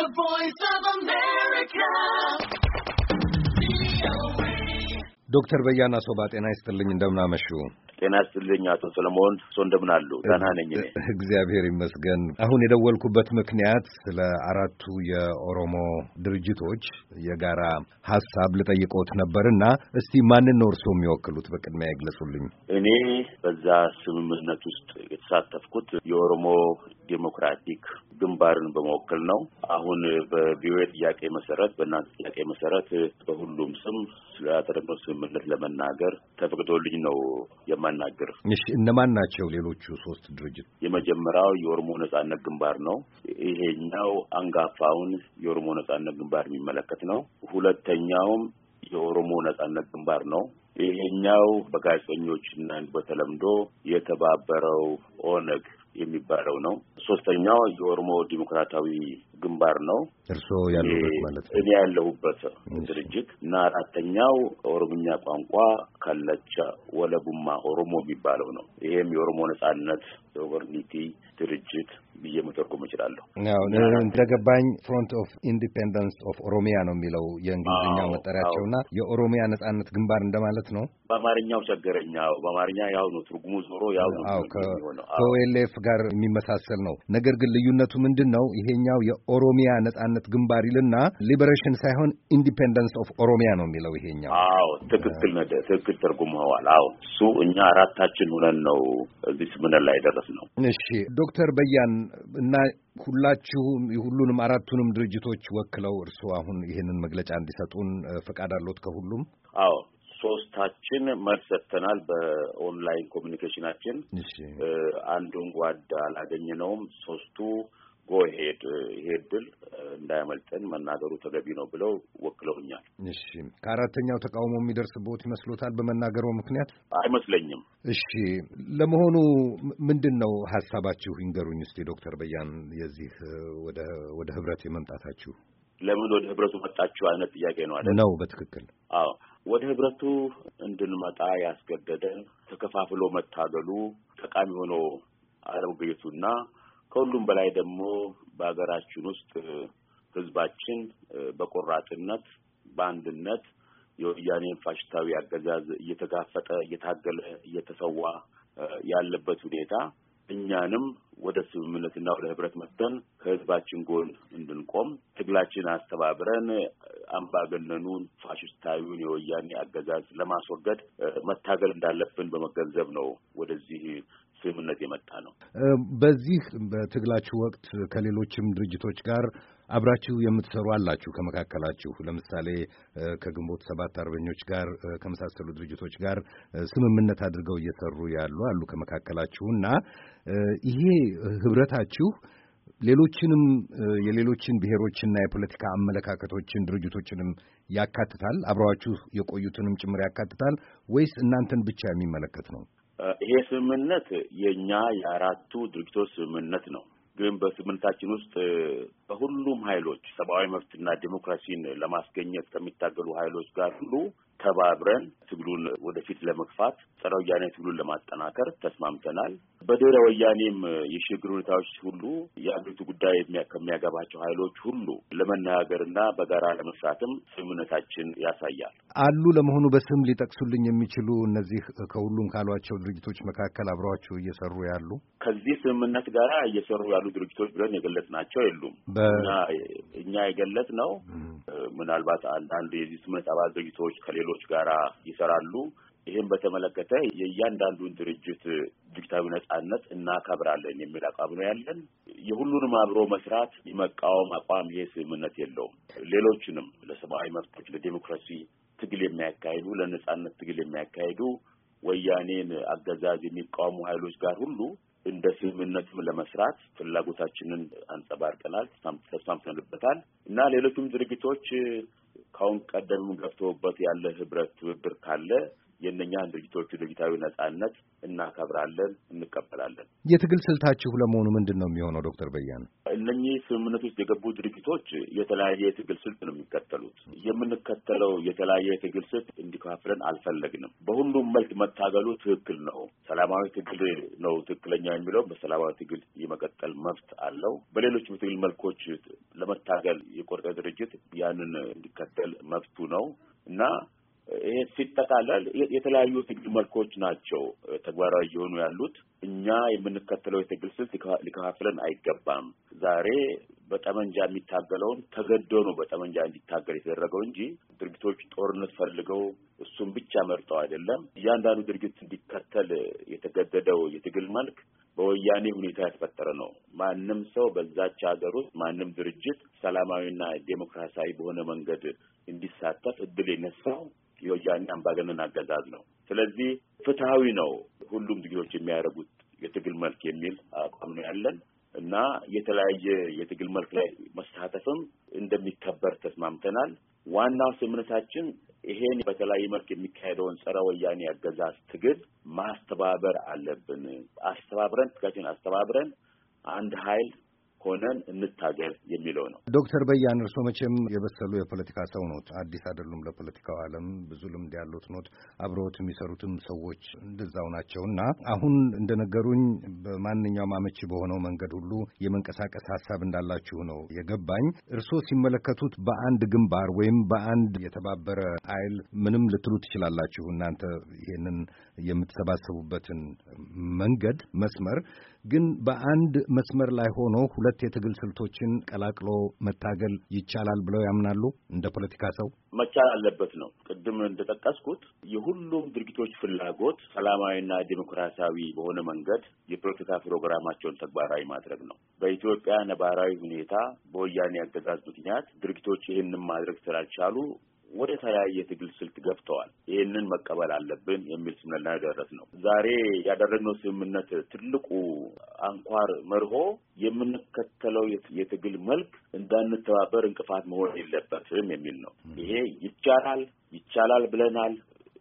The Voice of America. ዶክተር በያና ሶባ ጤና ይስጥልኝ። እንደምናመሹ ጤና ይስጥልኝ አቶ ሰለሞን እርስዎ እንደምናሉ? ደህና ነኝ እኔ እግዚአብሔር ይመስገን። አሁን የደወልኩበት ምክንያት ስለ አራቱ የኦሮሞ ድርጅቶች የጋራ ሀሳብ ልጠይቆት ነበር እና እስቲ ማንን ነው እርስዎ የሚወክሉት? በቅድሚያ ይግለጹልኝ። እኔ በዛ ስምምነት ውስጥ የተሳተፍኩት የኦሮሞ ዴሞክራቲክ ግንባርን በመወከል ነው። አሁን በቪኦኤ ጥያቄ መሰረት፣ በእናንተ ጥያቄ መሰረት በሁሉም ስም ስለ ስምምነት ለመናገር ተፈቅዶልኝ ነው የማናገር። እሺ፣ እነማን ናቸው ሌሎቹ ሶስት ድርጅት? የመጀመሪያው የኦሮሞ ነጻነት ግንባር ነው። ይሄኛው አንጋፋውን የኦሮሞ ነጻነት ግንባር የሚመለከት ነው። ሁለተኛውም የኦሮሞ ነጻነት ግንባር ነው። ይሄኛው በጋዜጠኞችና በተለምዶ የተባበረው ኦነግ የሚባለው ነው። ሶስተኛው የኦሮሞ ዲሞክራታዊ ግንባር ነው እርስዎ ያሉበት ማለት እኔ ያለሁበት ድርጅት እና አራተኛው ኦሮምኛ ቋንቋ ካለቻ ወለቡማ ኦሮሞ የሚባለው ነው። ይሄም የኦሮሞ ነጻነት ኦቨርኒቲ ድርጅት ብዬ መተርጎም እችላለሁ። እንደገባኝ ፍሮንት ኦፍ ኢንዲፔንደንስ ኦፍ ኦሮሚያ ነው የሚለው የእንግሊዝኛ መጠሪያቸው እና የኦሮሚያ ነጻነት ግንባር እንደማለት ነው። በአማርኛው ቸገረኛ። በአማርኛ ያው ነው ትርጉሙ፣ ዞሮ ያው ነው ከኦኤልኤፍ ጋር የሚመሳሰል ነው። ነገር ግን ልዩነቱ ምንድን ነው? ይሄኛው ኦሮሚያ ነጻነት ግንባር ይልና ሊበሬሽን ሳይሆን ኢንዲፔንደንስ ኦፍ ኦሮሚያ ነው የሚለው ይሄኛው። አዎ ትክክል ትክክል ተርጉመዋል። አዎ እሱ እኛ አራታችን ሁነን ነው እዚህ ስምምነት ላይ ደረስ ነው። እሺ ዶክተር በያን እና ሁላችሁም የሁሉንም አራቱንም ድርጅቶች ወክለው እርስዎ አሁን ይህንን መግለጫ እንዲሰጡን ፈቃድ አለት ከሁሉም? አዎ ሶስታችን መልስ ሰጥተናል። በኦንላይን ኮሚኒኬሽናችን አንዱን ጓድ አላገኘነውም። ሶስቱ ጎ ሄድ ይሄ እድል እንዳያመልጠን መናገሩ ተገቢ ነው ብለው ወክለውኛል። እሺ፣ ከአራተኛው ተቃውሞ የሚደርስቦት ይመስሎታል በመናገረው ምክንያት? አይመስለኝም። እሺ፣ ለመሆኑ ምንድን ነው ሀሳባችሁ ይንገሩኝ እስቲ ዶክተር በያን የዚህ ወደ ህብረት የመምጣታችሁ ለምን ወደ ህብረቱ መጣችሁ አይነት ጥያቄ ነው አይደል? ነው በትክክል አዎ። ወደ ህብረቱ እንድንመጣ ያስገደደ ተከፋፍሎ መታገሉ ጠቃሚ ሆኖ አለመገኘቱና ከሁሉም በላይ ደግሞ በሀገራችን ውስጥ ህዝባችን በቆራጥነት በአንድነት የወያኔን ፋሽስታዊ አገዛዝ እየተጋፈጠ እየታገለ እየተሰዋ ያለበት ሁኔታ እኛንም ወደ ስምምነትና ወደ ህብረት መጥተን ከህዝባችን ጎን እንድንቆም ትግላችን አስተባብረን አምባገነኑን ፋሽስታዊውን የወያኔ አገዛዝ ለማስወገድ መታገል እንዳለብን በመገንዘብ ነው ወደዚህ ስምምነት የመጣ ነው። በዚህ በትግላችሁ ወቅት ከሌሎችም ድርጅቶች ጋር አብራችሁ የምትሰሩ አላችሁ። ከመካከላችሁ ለምሳሌ ከግንቦት ሰባት አርበኞች ጋር ከመሳሰሉ ድርጅቶች ጋር ስምምነት አድርገው እየሰሩ ያሉ አሉ ከመካከላችሁ እና ይሄ ህብረታችሁ ሌሎችንም የሌሎችን ብሔሮችና የፖለቲካ አመለካከቶችን ድርጅቶችንም ያካትታል? አብረዋችሁ የቆዩትንም ጭምር ያካትታል ወይስ እናንተን ብቻ የሚመለከት ነው? ይሄ ስምምነት የእኛ የአራቱ ድርጅቶች ስምምነት ነው። ግን በስምምነታችን ውስጥ በሁሉም ኃይሎች ሰብአዊ መብትና ዲሞክራሲን ለማስገኘት ከሚታገሉ ኃይሎች ጋር ሁሉ ተባብረን ትግሉን ወደፊት ለመግፋት ጸረ ወያኔ ትግሉን ለማጠናከር ተስማምተናል። በድህረ ወያኔም የሽግግር ሁኔታዎች ሁሉ የአገሪቱ ጉዳይ ከሚያገባቸው ኃይሎች ሁሉ ለመነጋገርና በጋራ ለመስራትም ስምምነታችን ያሳያል። አሉ ለመሆኑ በስም ሊጠቅሱልኝ የሚችሉ እነዚህ ከሁሉም ካሏቸው ድርጅቶች መካከል አብረቸው እየሰሩ ያሉ ከዚህ ስምምነት ጋር እየሰሩ ያሉ ድርጅቶች ብለን የገለጽናቸው የሉም። እኛ የገለጽ ነው ምናልባት አንዳንድ የዚህ ስምምነት አባል ድርጅቶች ከሌሎ ኃይሎች ጋር ይሰራሉ። ይህም በተመለከተ የእያንዳንዱን ድርጅት ድርጅታዊ ነጻነት እናከብራለን የሚል አቋም ነው ያለን። የሁሉንም አብሮ መስራት የመቃወም አቋም ይሄ ስምምነት የለውም። ሌሎችንም ለሰብአዊ መብቶች፣ ለዴሞክራሲ ትግል የሚያካሂዱ ለነጻነት ትግል የሚያካሂዱ ወያኔን አገዛዝ የሚቃወሙ ኃይሎች ጋር ሁሉ እንደ ስምምነትም ለመስራት ፍላጎታችንን አንጸባርቀናል፣ ተስማምተንበታል እና ሌሎቹም ድርጊቶች ካሁን ቀደም ገብቶበት ያለ ህብረት ትብብር ካለ የእነኛን ድርጅቶቹ ድርጅታዊ ነጻነት እናከብራለን፣ እንቀበላለን። የትግል ስልታችሁ ለመሆኑ ምንድን ነው የሚሆነው? ዶክተር በያን እነኚህ ስምምነት ውስጥ የገቡ ድርጅቶች የተለያየ የትግል ስልት ነው የሚከተሉት። የምንከተለው የተለያየ የትግል ስልት እንዲከፋፍለን አልፈለግንም። በሁሉም መልክ መታገሉ ትክክል ነው። ሰላማዊ ትግል ነው ትክክለኛ የሚለው በሰላማዊ ትግል የመቀጠል መብት አለው። በሌሎችም ትግል መልኮች ለመታገል የቆረጠ ድርጅት ያንን እንዲከተል መብቱ ነው እና ይሄ ሲጠቃለል የተለያዩ የትግል መልኮች ናቸው ተግባራዊ እየሆኑ ያሉት። እኛ የምንከተለው የትግል ስልት ሊከፋፍለን አይገባም። ዛሬ በጠመንጃ የሚታገለውን ተገዶ ነው በጠመንጃ እንዲታገል የተደረገው እንጂ ድርጊቶች ጦርነት ፈልገው እሱን ብቻ መርጠው አይደለም። እያንዳንዱ ድርጊት እንዲከተል የተገደደው የትግል መልክ በወያኔ ሁኔታ የተፈጠረ ነው። ማንም ሰው በዛች ሀገር ውስጥ ማንም ድርጅት ሰላማዊና ዴሞክራሲያዊ በሆነ መንገድ እንዲሳተፍ እድል የነሳው የወያኔ አምባገነን አገዛዝ ነው። ስለዚህ ፍትሐዊ ነው ሁሉም ትግሎች የሚያደርጉት የትግል መልክ የሚል አቋም ነው ያለን እና የተለያየ የትግል መልክ ላይ መሳተፍም እንደሚከበር ተስማምተናል። ዋናው ስምነታችን ይሄን በተለያየ መልክ የሚካሄደውን ጸረ ወያኔ አገዛዝ ትግል ማስተባበር አለብን። አስተባብረን ትጋችን አስተባብረን አንድ ኃይል ሆነን እንታገል የሚለው ነው። ዶክተር በያን እርስዎ መቼም የበሰሉ የፖለቲካ ሰው ኖት፣ አዲስ አይደሉም ለፖለቲካው ዓለም ብዙ ልምድ ያሉት ኖት፣ አብረውት የሚሰሩትም ሰዎች እንደዛው ናቸው እና አሁን እንደነገሩኝ በማንኛውም አመቺ በሆነው መንገድ ሁሉ የመንቀሳቀስ ሀሳብ እንዳላችሁ ነው የገባኝ። እርስዎ ሲመለከቱት በአንድ ግንባር ወይም በአንድ የተባበረ ኃይል ምንም ልትሉ ትችላላችሁ እናንተ ይህንን የምትሰባሰቡበትን መንገድ መስመር ግን በአንድ መስመር ላይ ሆኖ ሁለት የትግል ስልቶችን ቀላቅሎ መታገል ይቻላል ብለው ያምናሉ? እንደ ፖለቲካ ሰው መቻል አለበት ነው። ቅድም እንደጠቀስኩት የሁሉም ድርጊቶች ፍላጎት ሰላማዊና ዲሞክራሲያዊ በሆነ መንገድ የፖለቲካ ፕሮግራማቸውን ተግባራዊ ማድረግ ነው። በኢትዮጵያ ነባራዊ ሁኔታ በወያኔ አገዛዝ ምክንያት ድርጊቶች ይህንን ማድረግ ስላልቻሉ ወደ ተለያየ ትግል ስልት ገብተዋል። ይህንን መቀበል አለብን የሚል ስምምነት ላይ ደረስ ነው። ዛሬ ያደረግነው ስምምነት ትልቁ አንኳር መርሆ የምንከተለው የትግል መልክ እንዳንተባበር እንቅፋት መሆን የለበትም የሚል ነው። ይሄ ይቻላል ይቻላል ብለናል።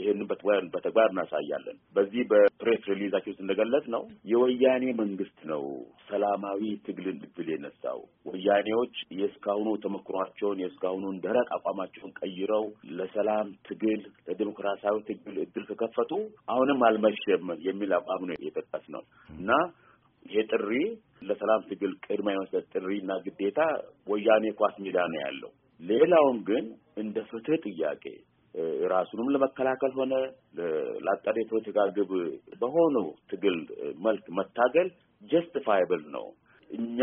ይህን በተግባር እናሳያለን። በዚህ በፕሬስ ሪሊዛቸው ውስጥ እንደገለጽ ነው የወያኔ መንግስት ነው ሰላማዊ ትግልን ድል የነሳው። ወያኔዎች የእስካሁኑ ተሞክሯቸውን የእስካሁኑን ደረቅ አቋማቸውን ቀይረው ለሰላም ትግል ለዲሞክራሲያዊ ትግል እድል ከከፈቱ አሁንም አልመሸም የሚል አቋም ነው የጠቀስ ነው እና ይሄ ጥሪ ለሰላም ትግል ቅድሚያ የመስጠት እና ግዴታ ወያኔ ኳስ ሜዳ ነው ያለው። ሌላውም ግን እንደ ፍትህ ጥያቄ ራሱንም ለመከላከል ሆነ ለአጣሪ የፖለቲካ ግብ ትግል መልክ መታገል ጀስቲፋይብል ነው። እኛ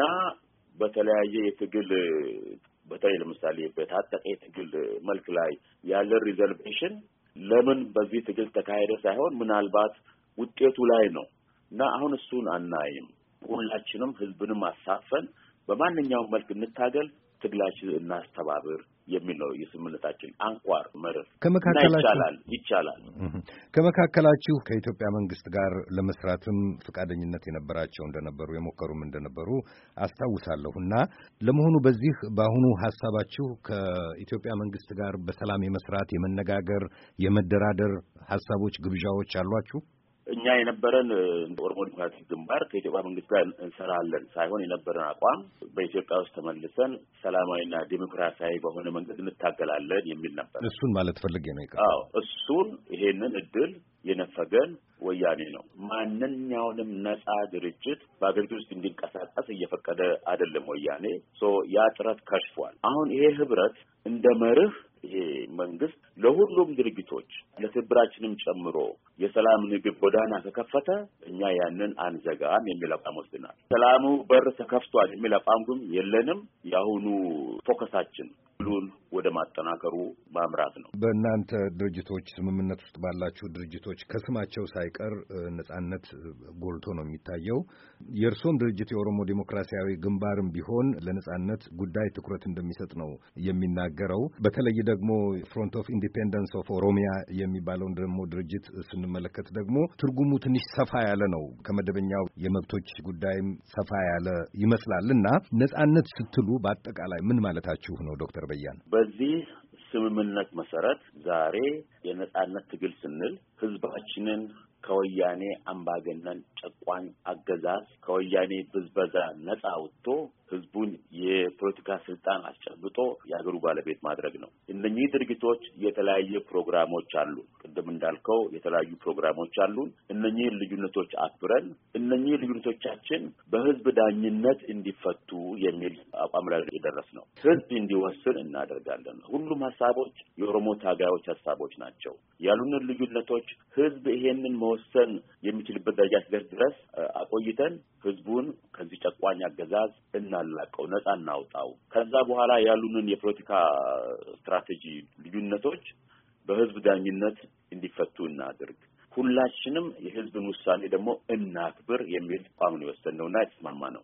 በተለያየ የትግል በተለይ ለምሳሌ በታጠቀ የትግል መልክ ላይ ያለ ሪዘርቬሽን ለምን በዚህ ትግል ተካሄደ ሳይሆን ምናልባት ውጤቱ ላይ ነው እና አሁን እሱን አናይም። ሁላችንም ህዝብንም አሳፈን በማንኛውም መልክ እንታገል፣ ትግላችን እናስተባብር የሚል ነው የስምምነታችን አንኳር መርህ። ይቻላል ይቻላል። ከመካከላችሁ ከኢትዮጵያ መንግስት ጋር ለመስራትም ፈቃደኝነት የነበራቸው እንደነበሩ የሞከሩም እንደነበሩ አስታውሳለሁ እና ለመሆኑ በዚህ በአሁኑ ሀሳባችሁ ከኢትዮጵያ መንግስት ጋር በሰላም የመስራት የመነጋገር፣ የመደራደር ሀሳቦች፣ ግብዣዎች አሏችሁ? እኛ የነበረን ኦሮሞ ዲሞክራቲክ ግንባር ከኢትዮጵያ መንግስት ጋር እንሰራለን ሳይሆን የነበረን አቋም በኢትዮጵያ ውስጥ ተመልሰን ሰላማዊና ዲሞክራሲያዊ በሆነ መንገድ እንታገላለን የሚል ነበር። እሱን ማለት ፈልጌ ነው። አዎ እሱን ይሄንን እድል የነፈገን ወያኔ ነው። ማንኛውንም ነጻ ድርጅት በአገሪቱ ውስጥ እንዲንቀሳቀስ እየፈቀደ አይደለም ወያኔ። ያ ጥረት ከሽፏል። አሁን ይሄ ህብረት እንደ መርህ ይሄ መንግስት ለሁሉም ድርጊቶች ለትብብራችንም ጨምሮ የሰላም ንግብ ጎዳና ተከፈተ፣ እኛ ያንን አንዘጋም የሚል አቋም ወስድናል። ሰላሙ በር ተከፍቷል የሚል አቋም ግን የለንም። የአሁኑ ፎከሳችን ወደ ማጠናከሩ ማምራት ነው። በእናንተ ድርጅቶች ስምምነት ውስጥ ባላችሁ ድርጅቶች ከስማቸው ሳይቀር ነጻነት ጎልቶ ነው የሚታየው። የእርሶም ድርጅት የኦሮሞ ዴሞክራሲያዊ ግንባርም ቢሆን ለነጻነት ጉዳይ ትኩረት እንደሚሰጥ ነው የሚናገረው። በተለይ ደግሞ ፍሮንት ኦፍ ኢንዲፔንደንስ ኦፍ ኦሮሚያ የሚባለውን ደግሞ ድርጅት ስንመለከት ደግሞ ትርጉሙ ትንሽ ሰፋ ያለ ነው። ከመደበኛው የመብቶች ጉዳይም ሰፋ ያለ ይመስላል እና ነጻነት ስትሉ በአጠቃላይ ምን ማለታችሁ ነው ዶክተር በያን? በዚህ ስምምነት መሰረት ዛሬ የነጻነት ትግል ስንል ህዝባችንን ከወያኔ አምባገነን ጨቋኝ አገዛዝ ከወያኔ ብዝበዛ ነጻ ወጥቶ ህዝቡን የፖለቲካ ስልጣን አስጨብጦ የሀገሩ ባለቤት ማድረግ ነው። እነኚህ ድርጊቶች የተለያየ ፕሮግራሞች አሉ። ቅድም እንዳልከው የተለያዩ ፕሮግራሞች አሉን። እነኚህ ልዩነቶች አክብረን እነኚህ ልዩነቶቻችን በህዝብ ዳኝነት እንዲፈቱ የሚል አቋም ላይ የደረስ ነው። ህዝብ እንዲወስን እናደርጋለን። ሁሉም ሀሳቦች የኦሮሞ ታጋዮች ሀሳቦች ናቸው። ያሉንን ልዩነቶች ህዝብ ይሄንን መወ መወሰን የሚችልበት ደረጃ ሲደርስ ድረስ አቆይተን ህዝቡን ከዚህ ጨቋኝ አገዛዝ እናላቀው፣ ነጻ እናውጣው። ከዛ በኋላ ያሉንን የፖለቲካ ስትራቴጂ ልዩነቶች በህዝብ ዳኝነት እንዲፈቱ እናድርግ። ሁላችንም የህዝብን ውሳኔ ደግሞ እናክብር የሚል አቋም ነው የወሰንነውና የተስማማ ነው።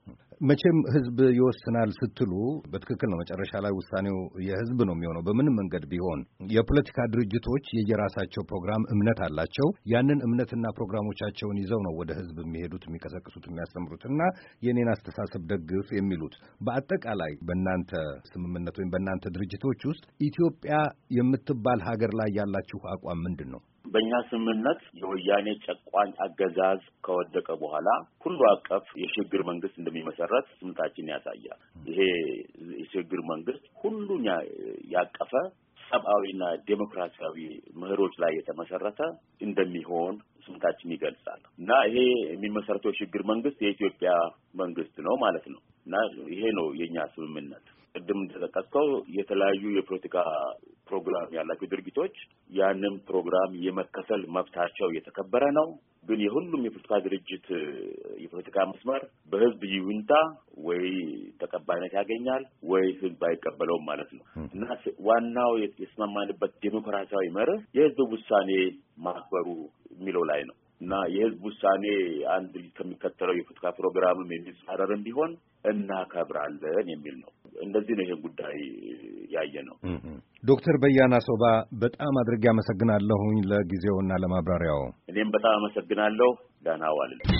መቼም ህዝብ ይወስናል ስትሉ በትክክል ነው። መጨረሻ ላይ ውሳኔው የህዝብ ነው የሚሆነው በምንም መንገድ ቢሆን። የፖለቲካ ድርጅቶች የየራሳቸው ፕሮግራም፣ እምነት አላቸው። ያንን እምነትና ፕሮግራሞቻቸውን ይዘው ነው ወደ ህዝብ የሚሄዱት፣ የሚቀሰቅሱት፣ የሚያስተምሩት እና የእኔን አስተሳሰብ ደግፍ የሚሉት። በአጠቃላይ በእናንተ ስምምነት ወይም በእናንተ ድርጅቶች ውስጥ ኢትዮጵያ የምትባል ሀገር ላይ ያላችሁ አቋም ምንድን ነው? በእኛ ስምምነት የወያኔ ጨቋኝ አገዛዝ ከወደቀ በኋላ ሁሉ አቀፍ የሽግግር መንግስት እንደሚመሰረት ስምታችን ያሳያል። ይሄ የሽግግር መንግስት ሁሉን ያቀፈ ሰብአዊና ዴሞክራሲያዊ ምህሮች ላይ የተመሰረተ እንደሚሆን ስምታችን ይገልጻል እና ይሄ የሚመሰረተው የሽግግር መንግስት የኢትዮጵያ መንግስት ነው ማለት ነው እና ይሄ ነው የእኛ ስምምነት። ቅድም እንደጠቀስከው የተለያዩ የፖለቲካ ፕሮግራም ያላቸው ድርጅቶች ያንን ፕሮግራም የመከፈል መብታቸው የተከበረ ነው። ግን የሁሉም የፖለቲካ ድርጅት የፖለቲካ መስመር በህዝብ ይሁንታ ወይ ተቀባይነት ያገኛል ወይ ህዝብ አይቀበለውም ማለት ነው እና ዋናው የተስማማንበት ዴሞክራሲያዊ መርህ የህዝብ ውሳኔ ማክበሩ የሚለው ላይ ነው። እና የህዝብ ውሳኔ አንድ ከሚከተለው የፖለቲካ ፕሮግራምም የሚጻረርም ቢሆን እናከብራለን የሚል ነው። እንደዚህ ነው ይህን ጉዳይ ያየ ነው። ዶክተር በያና ሶባ በጣም አድርጌ አመሰግናለሁኝ ለጊዜውና ለማብራሪያው። እኔም በጣም አመሰግናለሁ። ደህና ዋልልኝ።